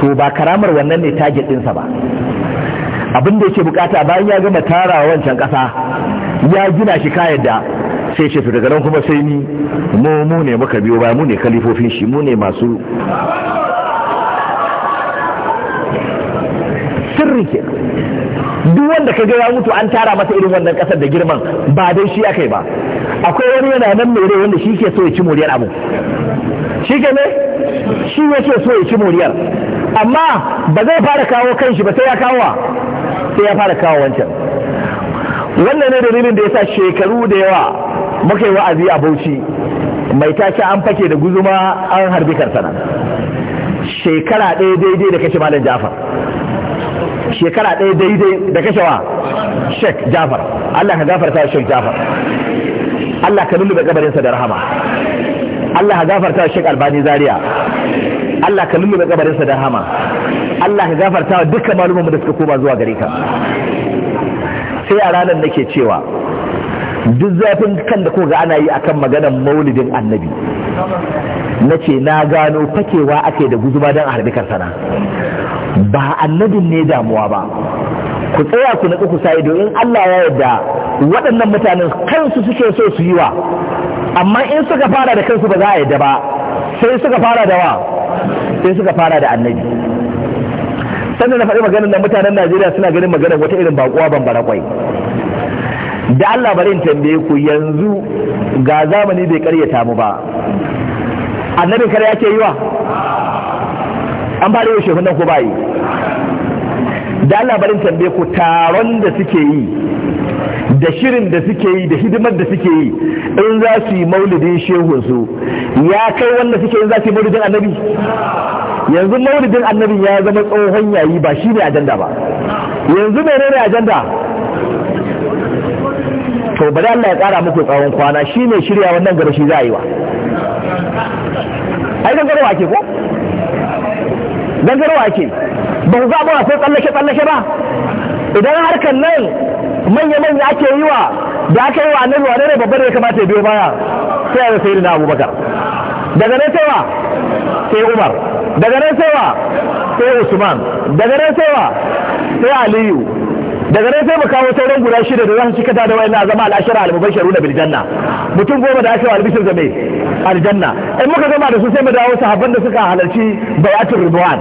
Speaker 2: to ba karamar wannan ne target ɗinsa ba abin da yake bukata bayan ya gama tara wancan ƙasa ya gina shi kayan da sai ce daga nan kuma sai ni mu ne muka biyo ba mu ne kalifofin shi mu ne masu sirri ke duk wanda ka ga ya mutu an tara masa irin wannan ƙasar da girman ba dai shi aka yi ba akwai wani yana nan mai rai wanda shi ke so ya ci moriyar abu shi ke ne shi yake so ya ci moriyar amma ba zai fara kawo kanshi ba sai ya kawo sai ya fara kawo wancan wannan ne dalilin da ya sa shekaru da yawa muka yi wa'azi a bauchi mai tashi an fake da guzuma an harbi karsana shekara ɗaya daidai da kashe malam jafar shekara ɗaya daidai da kashe wa shek jafar allah ka gafarta shek jafar Allah ka lullube kabarinsa da rahama Allah ka gafarta wa Sheikh Albani Zaria Allah ka lullube kabarinsa da rahama Allah ka gafarta wa dukkan malumanmu da suka koma zuwa gare ka sai a ranar nake cewa duk zafin kan da koga ana yi akan maganar maulidin annabi na ce na gano fakewa ake da guzuma don a harbi karsana ba annabin ne damuwa ba ku tsaya ku natsu ku sa in Allah ya yarda waɗannan mutanen kansu suke so su yi wa amma in suka fara da kansu ba za a yarda ba sai suka fara da wa sai suka fara da annabi sannan na faɗi maganar da mutanen Najeriya suna ganin maganar wata irin bakuwa bambara kwai da Allah bari in tambaye ku yanzu ga zamani bai karyata mu ba annabin kare yake yi wa an fara yau shehunan ku yi? da Allah barin tambaye ku taron da suke yi da shirin da suke yi da hidimar da suke yi in za su yi maulidin su, ya kai wanda suke in za su yi maulidin annabi yanzu maulidin annabi ya zama tsohon yayi ba shi ne ajanda ba yanzu menene ajanda to bari Allah ya kara muku tsawon kwana shi ne shirya wannan gaba shi za a yi wa ai gangarwa ake ko gangarwa ake ba ku zaɓa sai tsallake tsallake ba idan harkar nan manya manya ake yi wa da aka yi wa annabi wa ne babban da ya kamata ya biyo baya sai ya sayi na abubakar daga nan sai wa sai umar daga nan sai wa sai usman daga nan sai wa sai aliyu daga nan sai mu kawo sauran guda shida da zan su cika da wayannan zama al'ashara al-mubashiru da biljanna mutum goma da aka yi albishir da mai aljanna in muka gama da su sai mu dawo sahabban da suka halarci bayatul ridwan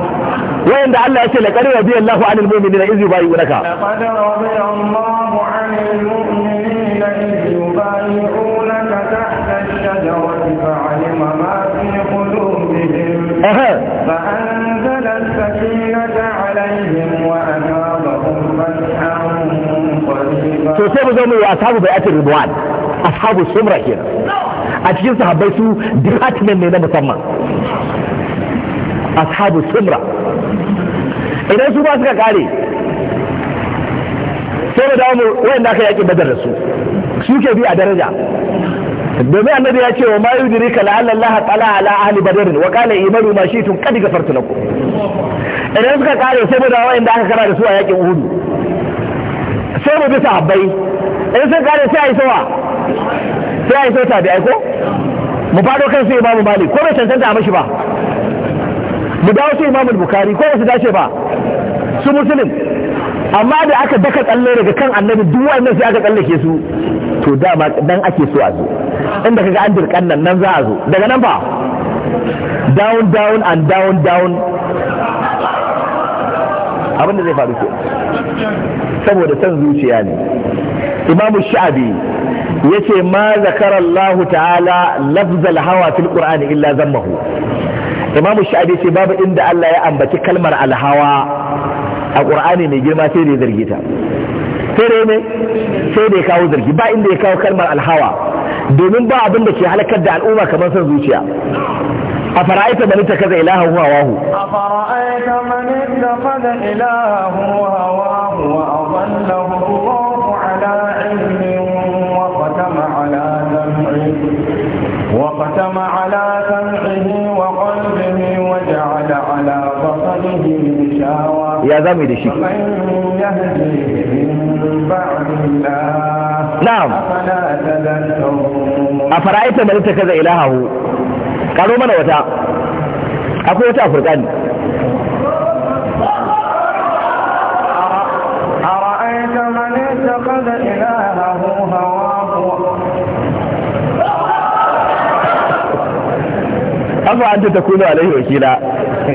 Speaker 2: wayanda Allah ya ce laqad radiyallahu 'anil mu'minina iz yubayyi'unaka laqad
Speaker 1: radiyallahu 'anil mu'minina iz yubayyi'unaka tahta ash-shajarati fa'alima ma fi qulubihim فأنزل السكينة عليهم وأثابهم فتحا قريبا.
Speaker 2: سوسيب زومي وأصحاب بيئة الرضوان أصحاب السمرة كده. a cikin sahabbai su department ne na musamman ashabu sumra idan su ba suka kare sai da dawo mu aka yaki badar da su su ke bi a daraja domin annabi ya ce wa ma yudrika la allaha tala ala ahli badr wa qala imanu ma shi'tum qad ghafartu lakum idan suka kare saboda wanda aka kara da su a yakin uhud sai mu bi sahabbai idan suka kare sai ai sawa sai ai sauta bi ai ko mu fado kan sai imamu malik ko bai cancanta a mashi ba mu dawo su imamul bukari ko su dace ba su musulun amma da aka daka tsalle daga kan annabi duk wannan sai aka tsallake su to dama dan ake so a zo inda kaga an dirkan nan nan za a zo daga nan ba down down and down down abin da zai faru ke saboda san zuciya ne imamu sha'abi yace ma zakara Allah ta'ala lafzal hawa fil qur'ani illa zammahu imamu sha'abi ce babu inda Allah ya ambaci kalmar alhawa a qur'ani mai girma sai da ya ta sai da ne sai da ya kawo zargi ba inda ya kawo kalmar alhawa domin ba abin da ke halakar da al'umma kamar son zuciya a fara'aita mani ta kaza ilaha huwa wahu
Speaker 1: a fara'aita mani ta kaza ilaha huwa wahu wa adallahu Allahu ala ilmin wa qatama ala sam'i wa qatama ala sam'i
Speaker 2: ya za mu yi da shi na'am a fara'aita da ta kaza ilahahu karo mana wata akwai wata afirkani afa an ta takunu alaihi wakila wa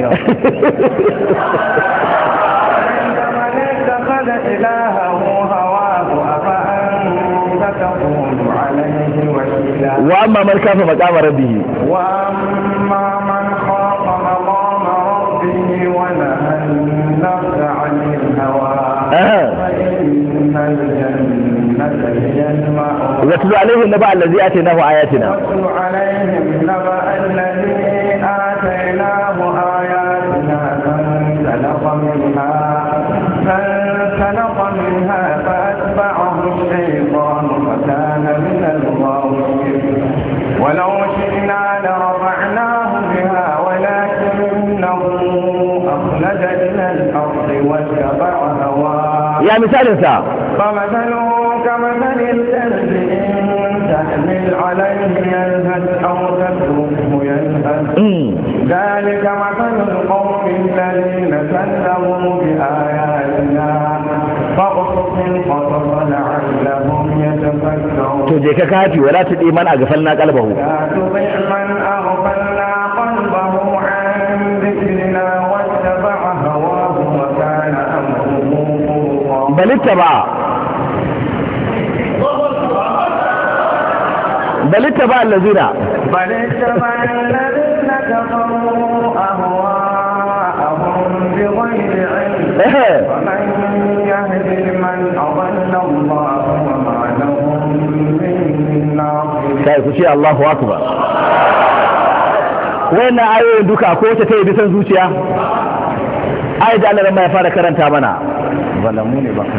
Speaker 2: amma man kafa maqama rabbihi wa amma man
Speaker 1: khafa maqama rabbihi wa nahaa an-nafsa فانسلق منها فأتبعه الشيطان فكان من الغاوين ولو شئنا لرفعناه بها ولكنه أخلد إلى الأرض واتبع هواه يا مثال فمثله كمثل الكلب الذين تحمل عليه يلهث أو تتركه يلهث ذلك مثل القوم الذين كذبوا بآياتنا فاقصص القصص
Speaker 2: لعلهم يتفكرون تجيك كاتي ولا تدي من أغفلنا قلبه لا
Speaker 1: تطع من أغفلنا قلبه عن ذكرنا واتبع هواه وكان
Speaker 2: أمره بل اتبع بل اتبع الذين بل
Speaker 1: اتبع الذين كفروا أهواءهم بغير علم ومن يهدي من أضل الله وما لهم
Speaker 2: من ناصر الله أكبر wannan ayoyin duka ko ta yi bisan zuciya ai da Allah ya fara karanta mana zalamu ne ba ka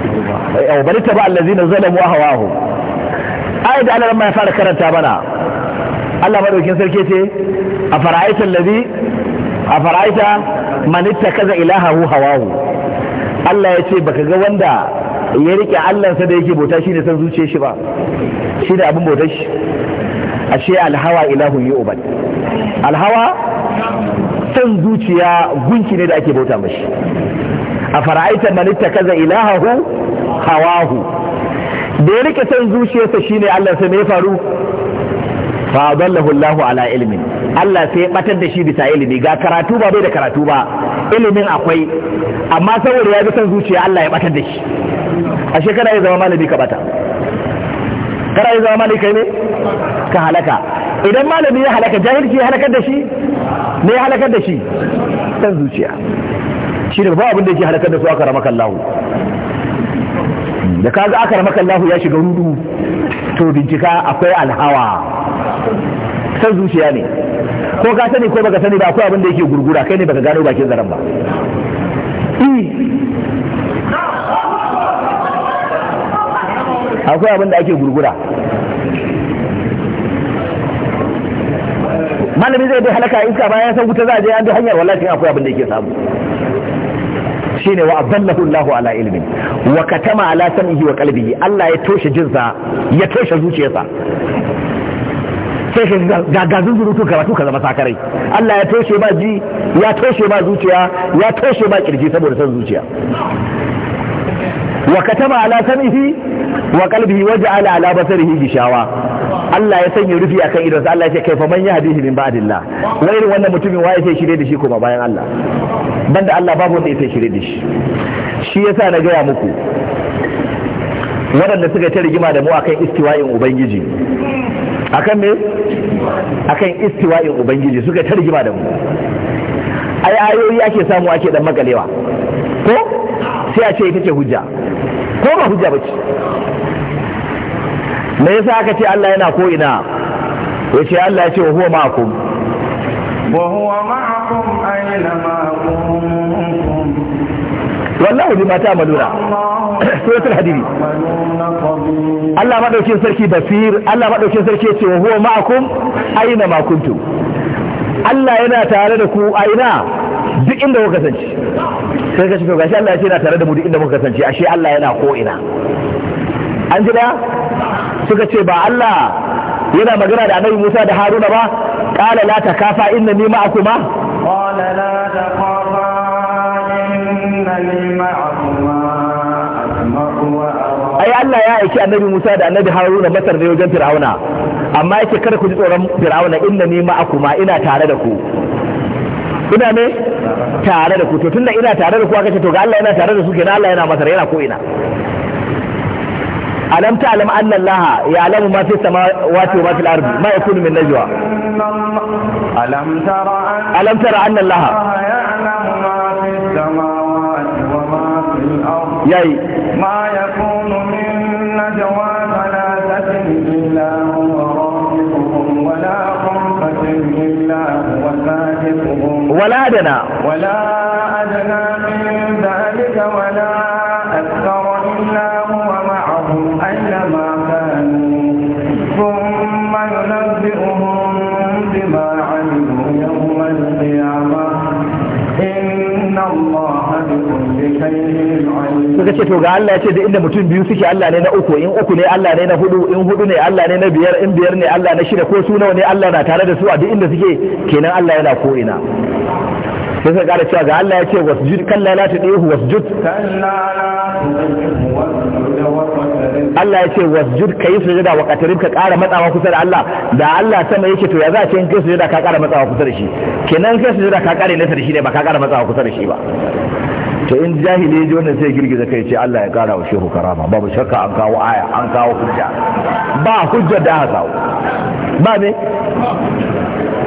Speaker 2: ba ai bari ta ba allazina zalamu ahwahu ayat da Allah ya fara karanta mana Allah madaukin sarki ce a fara'aita allazi a fara'aita man ittakaza ilahahu hawahu Allah ya ce baka ga wanda ya rike Allahnsa da yake bauta shine san zuciye shi ba shi da abin bautar shi ashe alhawa ilahun yu'bad alhawa san zuciya gunki ne da ake bauta mashi a fara'aita man ittakaza ilahahu hawahu da ya rike son zuciyarsa shine Allah sai mai faru fa dallahu Allahu ala ilmi Allah sai ya batar da shi bisa ilimi ga karatu ba bai da karatu ba ilimin akwai amma saboda ya bi son zuciya Allah ya batar da shi a shekara ya zama malami ka bata kana ya zama malami kai ne ka halaka idan malami ya halaka jahilci ya halakar da shi ne ya halakar da shi son zuciya shi ne ba abin da yake halakar da su aka ramaka lahu da kaga aka ramaka Allah ya shiga rudu to bincika akwai alhawa san zuciya ne ko ka sani ko baka sani ba akwai abin da yake gurgura kai ne baka gano bakin zaren ba akwai abin da ake gurgura malami zai bi halaka iska bayan san wuta za a je an bi hanyar wallahi akwai abin da yake samu shine wa abdallahu Allah ala ilmin wa katama ala sam'ihi wa qalbihi Allah ya toshe jinsa ya toshe zuciyarsa sai ga gagazin zurutu karatu ka zama sakarai Allah ya toshe ba ji ya toshe ba zuciya ya toshe ba kirji saboda san zuciya wa katama ala sam'ihi wa qalbihi waja'ala ala basarihi gishawa Allah ya sanya rufi akan idonsa Allah ya ce kaifa man yahdihi min ba'dillah wai irin wannan mutumin waye sai shirye da shi kuma bayan Allah banda Allah babu wanda yake shirye da shi shi yasa na gaya muku waɗanda suka ta rigima da mu akan istiwa'in ubangiji akan me akan istiwa'in ubangiji suka ta rigima da mu ai ayoyi ake samu ake dan magalewa. ko sai a ce ita ce hujja ko ba hujja bace me yasa aka ce Allah yana ko ina Ya ce Allah ya ce wa huwa ma'akum
Speaker 1: wa huwa ma'akum aina ma'akum
Speaker 2: wallahu bima ta'maluna suratul hadid Allah madaukin sarki basir Allah madaukin sarki yace wa huwa ma'akum aina ma Allah yana tare da ku a ina duk inda kuka kasance sai ka shiga gashi Allah ya ce yana tare da mu duk inda muka kasance ashe Allah yana ko ina an ji da suka ce ba Allah yana magana da annabi Musa da Haruna ba qala la takafa innani ma'akuma qala la takafa
Speaker 1: wa ara
Speaker 2: ai Allah ya aiki annabi Musa da annabi Haruna masar da wajen Fir'auna amma yake kada ku ji tsoron Fir'auna ni ma'akum ina tare da ku ina ne tare da ku to tunda ina tare da ku aka ce to ga Allah yana tare da su kenan Allah yana masar yana ko ina ألم تعلم أن الله يعلم ما في السماوات وما في الأرض ما يكون من نجوى ألم ترى
Speaker 1: أن ألم تر أن الله يعلم ما في
Speaker 2: السماوات
Speaker 1: وما في الأرض ما يكون من نجوى ثلاثة إلا هو رابطهم ولا خمسة إلا هو سادسهم ولا أدنى ولا أدنى من ذلك ولا
Speaker 2: suka ce to ga Allah ya ce da inda mutum biyu suke Allah ne na uku in uku ne Allah ne na hudu in hudu ne Allah ne na biyar in biyar ne Allah na shida ko su nawa ne Allah na tare da su a duk inda suke kenan Allah yana ko ina sai sai kara cewa ga Allah ya ce wasjud kalla la tadihu wasjud Allah ya ce wasjud kai sujada wa qatarib ka kara matsawa kusa da Allah da Allah sama yake to ya za ce in kai sujada ka kara matsawa kusa da shi kenan kai sujada ka kare na da shi ne ba ka kara matsawa kusa da shi ba to in jahili ya ji wannan sai girgiza kai ce Allah ya kara wa shehu karama babu shakka an kawo aya an kawo hujja ba hujja da aka kawo ba ne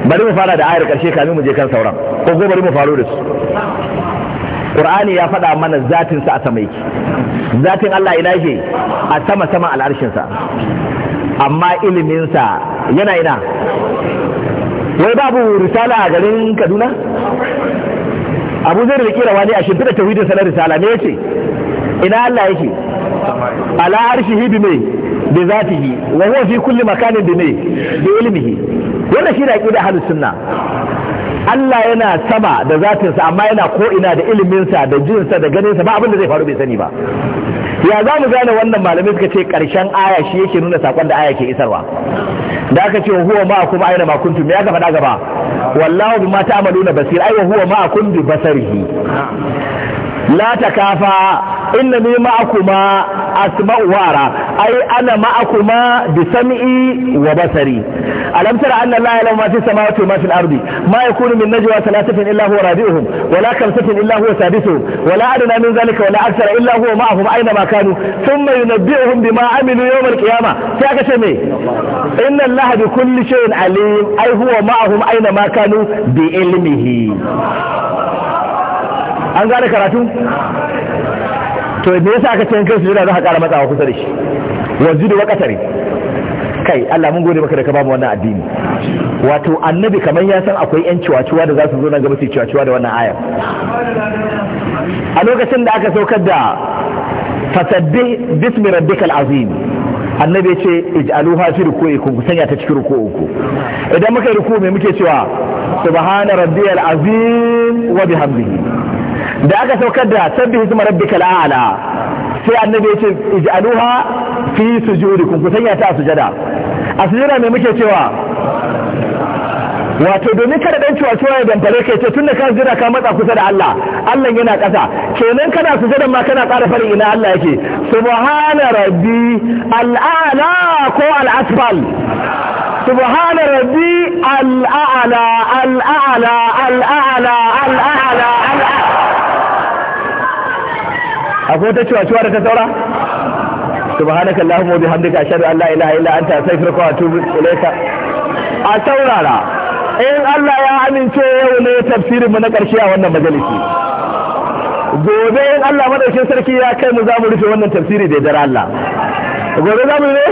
Speaker 2: bari mu fara da ayar karshe kamin mu je kan sauran ko ko bari mu faro da su Qur'ani ya faɗa mana zatin sa a sama
Speaker 3: yake
Speaker 2: zatin Allah ina yake a sama sama al'arshin sa amma ilimin sa yana ina wai babu risala a garin Kaduna abu zai da rawa ne a shimfiɗa tauhidin sanar risala me yace ina Allah yake ala Arshi hibi mai bi zatihi wa huwa fi kulli makanin bi mai bi ilmihi wannan shi da aqida ahlus sunna Allah yana sama da zatinsa amma yana ko'ina da iliminsa da jinsa da ganinsa ba abinda zai faru bai sani ba ya za mu gane wannan malamai suka ce ƙarshen aya shi yake nuna sakon da aya ke isarwa da aka ce huwa ma kuma aina ma kuntum ya gaba da gaba wallahu bima ta'maluna basir ai huwa ma kuntum basarihi la takafa inna ni ma'akuma asma'u wara ai ana ma'akuma bi sam'i wa basari alam tara anna allaha ya'lamu ma fi samawati wa ma fil ardi ma yakunu min najwa thalathatin illa huwa rabi'uhum wa la khamsatin illa huwa wa wa wala adana min dhalika wa la akthara illa huwa ma'ahum aina ma kanu thumma yunabbi'uhum bima amilu yawm al-qiyamah sai aka ce me inna allaha bi kulli shay'in alim ai huwa ma'ahum aina ma kanu bi ilmihi an gane karatu to me yasa aka ce in kai sujada za ka kara matsawa kusa da shi wajidu wa qatari kai Allah mun gode maka da ka ba mu wannan addini wato annabi kamar ya san akwai yan ciwaciwa da za su zo nan gaba su ciwaciwa da wannan ayar a lokacin da aka saukar da fasaddi bismi rabbikal azim annabi ya ce ij'aluha fi ruku'ikum ku sanya ta cikin ruku'uku idan muka yi ruku me muke cewa subhana rabbiyal azim wa bihamdihi da aka saukar da sabbi hisma rabbika la'ala sai annabi ya ce ij'aluha fi sujudikum ku sanya ta a sujada a sujada mai muke cewa wato domin kada dan cewa cewa ya damfare kai ce tunda ka jira ka matsa kusa da Allah Allah yana ƙasa kenan kana sujada ma kana ƙara farin ina Allah yake subhana rabbi al'ala ko al'asfal subhana rabbi al'ala al'ala al'ala al'ala al'ala akwai ta cewa cewa da ta saura subhanaka allahumma bihamdika ashhadu an la ilaha illa anta astaghfiruka wa atubu ilayka a saurara in Allah ya amince yau ne tafsirin mu na karshe a wannan majalisi gobe in Allah madaukakin sarki ya kai mu za mu rufe wannan tafsiri da dare Allah gobe za mu ne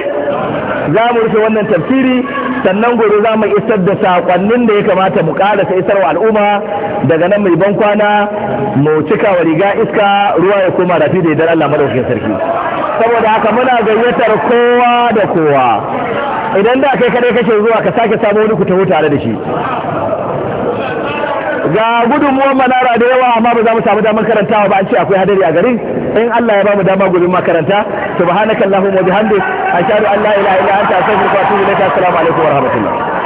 Speaker 2: za mu rufe wannan tafsiri sannan gobe za mu isar da sakonnin da ya kamata mu isar wa al'umma daga nan mai ban kwana mu cika wa riga iska ruwa ya koma rafi da idan Allah madaukakin sarki saboda haka muna gayyatar kowa da kowa idan da kai kadai kake zuwa ka sake samu wani ku taho tare da shi ga gudunmuwan manara da yawa amma ba za mu samu damar karantawa ba an ce akwai hadari a garin in Allah ya ba mu dama gudun makaranta subhanakallahumma wa bihamdik ashhadu an la ilaha illa anta astaghfiruka wa atubu ilaik assalamu alaikum wa rahmatullah